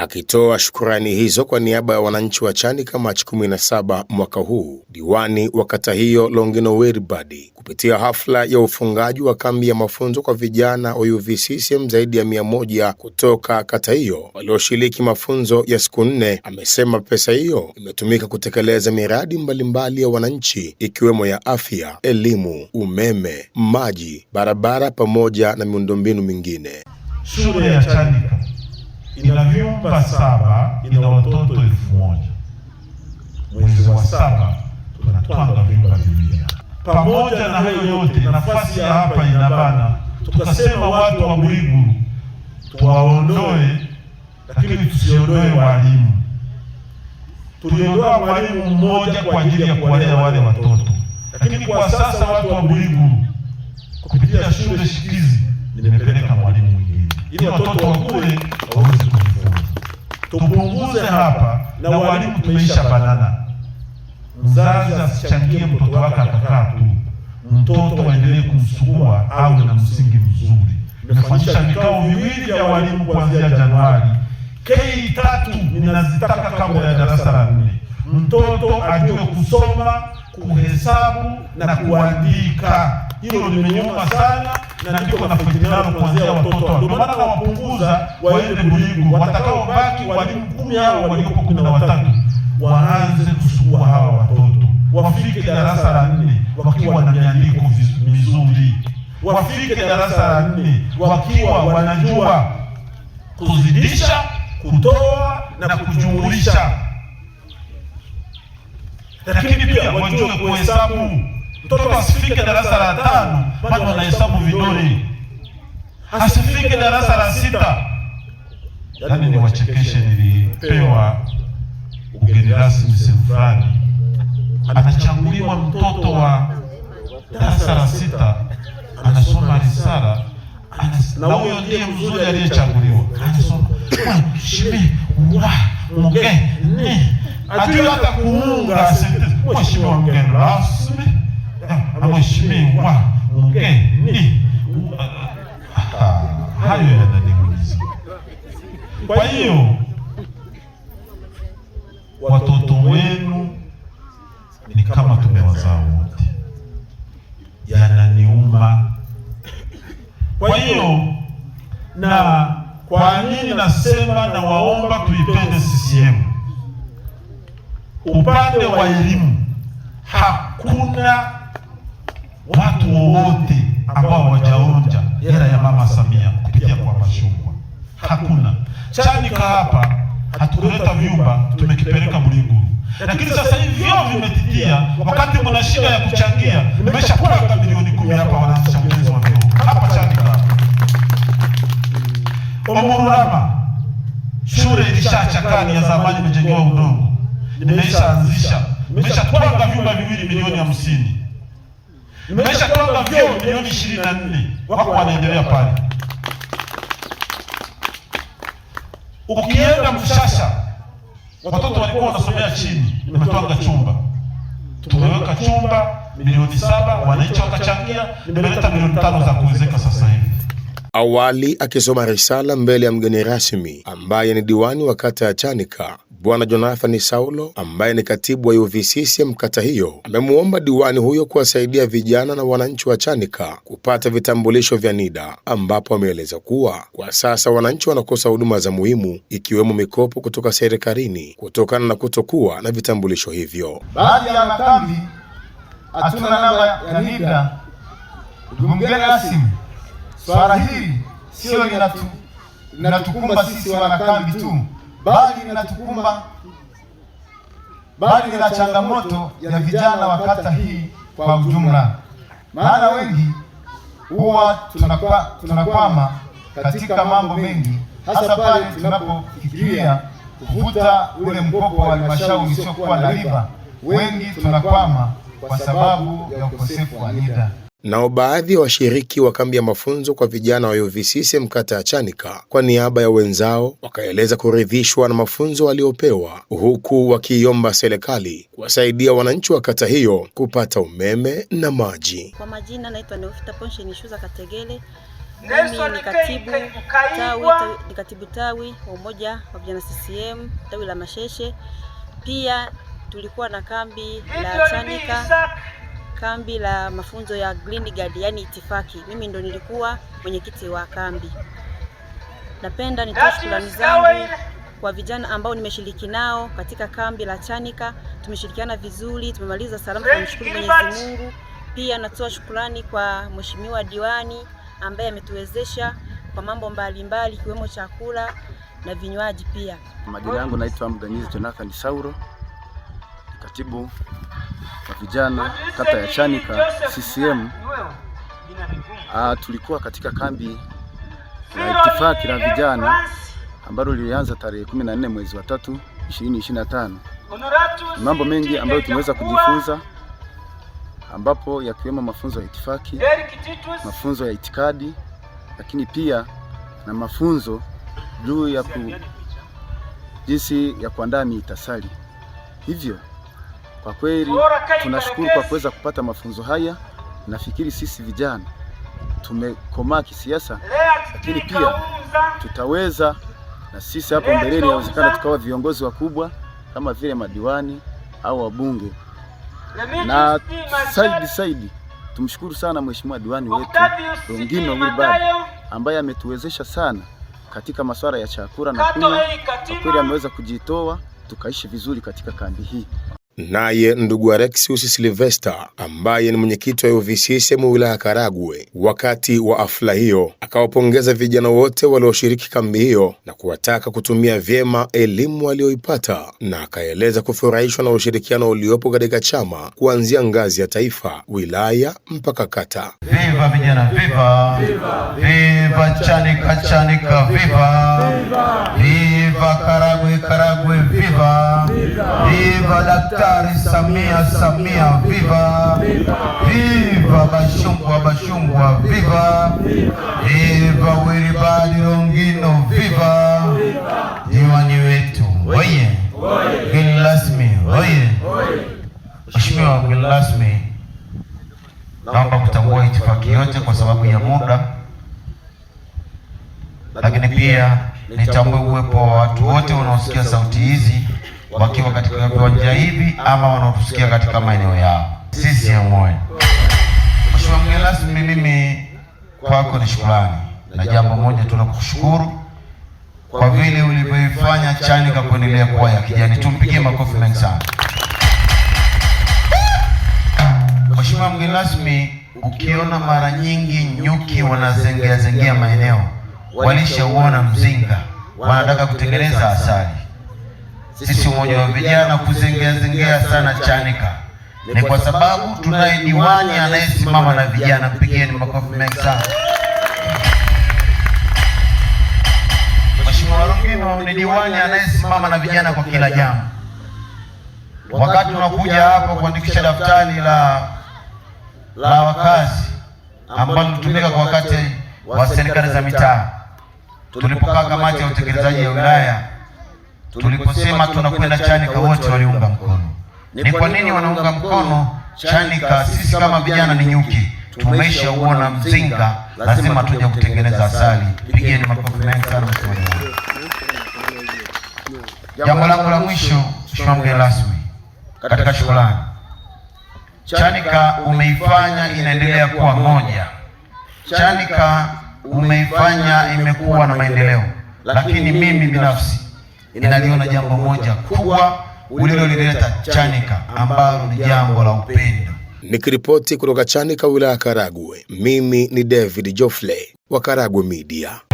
Akitoa shukurani hizo kwa niaba ya wananchi wa Chanika Machi 17 mwaka huu, diwani wa kata hiyo Longino Wilbard kupitia hafla ya ufungaji wa kambi ya mafunzo kwa vijana wa UVCCM zaidi ya mia moja kutoka kata hiyo walioshiriki mafunzo ya siku nne, amesema pesa hiyo imetumika kutekeleza miradi mbalimbali mbali ya wananchi ikiwemo ya afya, elimu, umeme, maji, barabara pamoja na miundombinu mingine. Shule ya Chanika ina vyumba saba, ina watoto elfu moja. Mwezi wa saba tunatwanga vyumba vipya. Pamoja na hayo yote, nafasi ya hapa inabana, tukasema watu wa Buligu tuwaondoe, lakini tusiondoe walimu. Tuliondoa mwalimu mmoja kwa ajili ya kuwalea wale watoto, lakini kwa sasa watu wa Buligu kupitia shule shikizi nimepeleka mwalimu ili watoto wakule waweze kujifunza. Tupunguze hapa, na walimu tumeisha banana. Mzazi asichangie mtoto wake atakaa tu, mtoto aendelee kumsugua au na msingi mzuri. Nimefanyisha vikao viwili vya walimu kuanzia Januari. K tatu ninazitaka kabla ya darasa la nne, mtoto ajue kusoma, kuhesabu na kuandika. Hilo limenyuma sana na ndiko mafikiriano kuanzia watoto wao, ndio maana wapunguza waende kuliku, watakaobaki walimu kumi hao walikopo kumi na watatu waanze kusukua hawa watoto wafike darasa la nne wakiwa na miandiko mizuri, wafike darasa la nne wakiwa wanajua kuzidisha, kutoa na kujumulisha, lakini pia wajue kuhesabu mtoto asifike darasa la tano bado wanahesabu vidole, asifike darasa la sita. Yaani niwachekeshe, nilipewa ugeni rasmi sehemu fulani, anachanguliwa mtoto wa darasa la sita anasoma risala na huyo ndiye mzuri aliyechaguliwa, anasoma shibe wa mge ne ajua hata kuunga. Mheshimiwa mgeni rasmi anaheshimiwa mgeni. Ah, hayo yananigusa. Kwa hiyo watoto wenu ni kama tumewazaa wote, yananiuma. Kwa hiyo na kwa nini nasema na waomba tuipende CCM upande wa elimu hakuna watu wowote ambao wajaonja hela ya mama Samia kupitia kwa Mashungwa, hakuna Chanika hapa. Hatukuleta vyumba, tumekipeleka Mlinguru, lakini sasa hivi vyoo vimetitia. Wakati mna shida ya kuchangia, nimeshakula hata milioni kumi hapa, wanaanzisha ujenzi wa vyoo hapa Chanika. Omururama shule ilishachakani ya zamani, imejengewa udongo, nimeshaanzisha nimeshakula hata vyumba viwili milioni hamsini Nimesha kwamba vyeo milioni ishirini na nne wako wanaendelea pale. Ukienda Mshasha watoto walikuwa wanasomea chini, nimetwanga chumba, tumeweka chumba milioni saba, wananchi wakachangia, nimeleta milioni tano za kuwezeka sasa hivi. Awali akisoma risala mbele ya mgeni rasmi ambaye ni diwani wa kata ya Chanika Bwana Jonathani Saulo ambaye ni katibu wa UVCCM kata hiyo amemwomba diwani huyo kuwasaidia vijana na wananchi wa Chanika kupata vitambulisho vya NIDA, ambapo ameeleza kuwa kwa sasa wananchi wanakosa huduma za muhimu ikiwemo mikopo kutoka serikalini kutokana na kutokuwa na vitambulisho hivyo. Baadhi ya makambi hatuna namba ya NIDA. Mgombea rasimu, swala hili sio linatukumba sisi wanakambi tu bali linatukumba bali lina changamoto ya vijana wa kata hii kwa ujumla, maana wengi huwa tunakwama katika mambo mengi, hasa pale tunapofikiria kuvuta ule mkopo wa halmashauri usiokuwa na riba. Wengi tunakwama kwa sababu ya ukosefu wa NIDA. Nao baadhi ya wa washiriki wa kambi ya mafunzo kwa vijana wa UVCCM kata ya Chanika kwa niaba ya wenzao wakaeleza kuridhishwa na mafunzo waliopewa, huku wakiiomba serikali kuwasaidia wananchi wa kata hiyo kupata umeme na maji. Kwa majina naitwa Neofita Ponshe Nishuza Kategele, mimi ni katibu tawi, ni katibu tawi wa umoja wa vijana CCM tawi la Masheshe. Pia tulikuwa na kambi la Chanika kambi la mafunzo ya Green Guard, yani itifaki. Mimi ndo nilikuwa mwenyekiti wa kambi. Napenda nitoe shukrani zangu kwa vijana ambao nimeshiriki nao katika kambi la Chanika. Tumeshirikiana vizuri, tumemaliza salama, tunamshukuru Mwenyezi Mungu. Pia natoa shukrani kwa mheshimiwa diwani ambaye ametuwezesha kwa mambo mbalimbali ikiwemo mbali, chakula na vinywaji pia. Majina yangu naitwa Mganyizi Jonathan Sauro, katibu wa vijana kata ya Chanika CCM a, ah, tulikuwa katika kambi la itifaki la vijana ambalo lilianza tarehe 14 mwezi wa tatu 2025. Mambo mengi ambayo tumeweza kujifunza ambapo yakiwemo mafunzo ya itifaki, mafunzo ya itikadi, lakini pia na mafunzo juu ya ku, jinsi ya kuandaa miitasali hivyo kwa kweli tunashukuru kwa kuweza kupata mafunzo haya. Nafikiri sisi vijana tumekomaa kisiasa, lakini pia tutaweza na sisi hapo mbeleni, yawezekana tukawa viongozi wakubwa kama vile madiwani au wabunge. Na saidi saidi, tumshukuru sana mheshimiwa diwani wetu Rungino Wilbard ambaye ametuwezesha sana katika masuala ya chakula na kunywa. Kwa kweli ameweza kujitoa tukaishi vizuri katika kambi hii naye ndugu Alexius Silvesta ambaye ni mwenyekiti wa UVCCM wilaya Karagwe, wakati wa afla hiyo akawapongeza vijana wote walioshiriki kambi hiyo na kuwataka kutumia vyema elimu walioipata na akaeleza kufurahishwa na ushirikiano uliopo katika chama kuanzia ngazi ya taifa, wilaya mpaka kata. Viva vijana, viva viva Chanika, Chanika, viva viva Karagwe, Karagwe, viva viva Daktari Daktari Samia Samia, viva viva! Bashungwa Bashungwa, viva viva! Wilibadi Longino, viva! Diwani wetu oye! Mgeni rasmi oye! Mheshimiwa mgeni rasmi, naomba kutambua itifaki yote kwa sababu ya muda, lakini pia nitambue uwepo wa watu wote wanaosikia sauti hizi wakiwa katika viwanja hivi ama wanaotusikia katika maeneo yao. Sisi mmoja. Mheshimiwa mgeni rasmi, mimi kwako ni shukrani na jambo moja tu la kwa vile ulivyoifanya Chanika kuendelea kuwa ya kijani. Tumpigie makofi mengi sana. Mheshimiwa mgeni rasmi, ukiona mara nyingi nyuki wanazengea zengea maeneo, walishauona mzinga, wanataka kutengeneza asali sisi umoja wa vijana kuzengea zengea sana Chanika ni kwa sababu tunaye diwani anayesimama na vijana. Mpigieni makofi mengi sana. Mheshimiwa Rungino ni diwani anayesimama na vijana kwa kila jambo. Wakati unakuja hapo kuandikisha daftari la la wakazi ambalo hutumika kwa wakati wa serikali za mitaa, tulipokaa kamati ya utekelezaji ya wilaya Tuliposema tunakwenda Chanika wote waliunga mkono. Ni kwa nini wanaunga mkono Chanika? Sisi kama vijana ni nyuki, tumeisha uona mzinga, lazima tuje kutengeneza asali. Pigeni makofi mengi sana. Jambo langu la mwisho, Mheshimiwa mgeni rasmi, katika shukrani, Chanika umeifanya inaendelea kuwa moja. Chanika umeifanya imekuwa na maendeleo, lakini mimi binafsi inaliona jambo moja kubwa ulilolileta Chanika ambalo ni jambo la upendo. Nikiripoti kutoka Chanika wilaya Karagwe, mimi ni David Jofle wa Karagwe Media.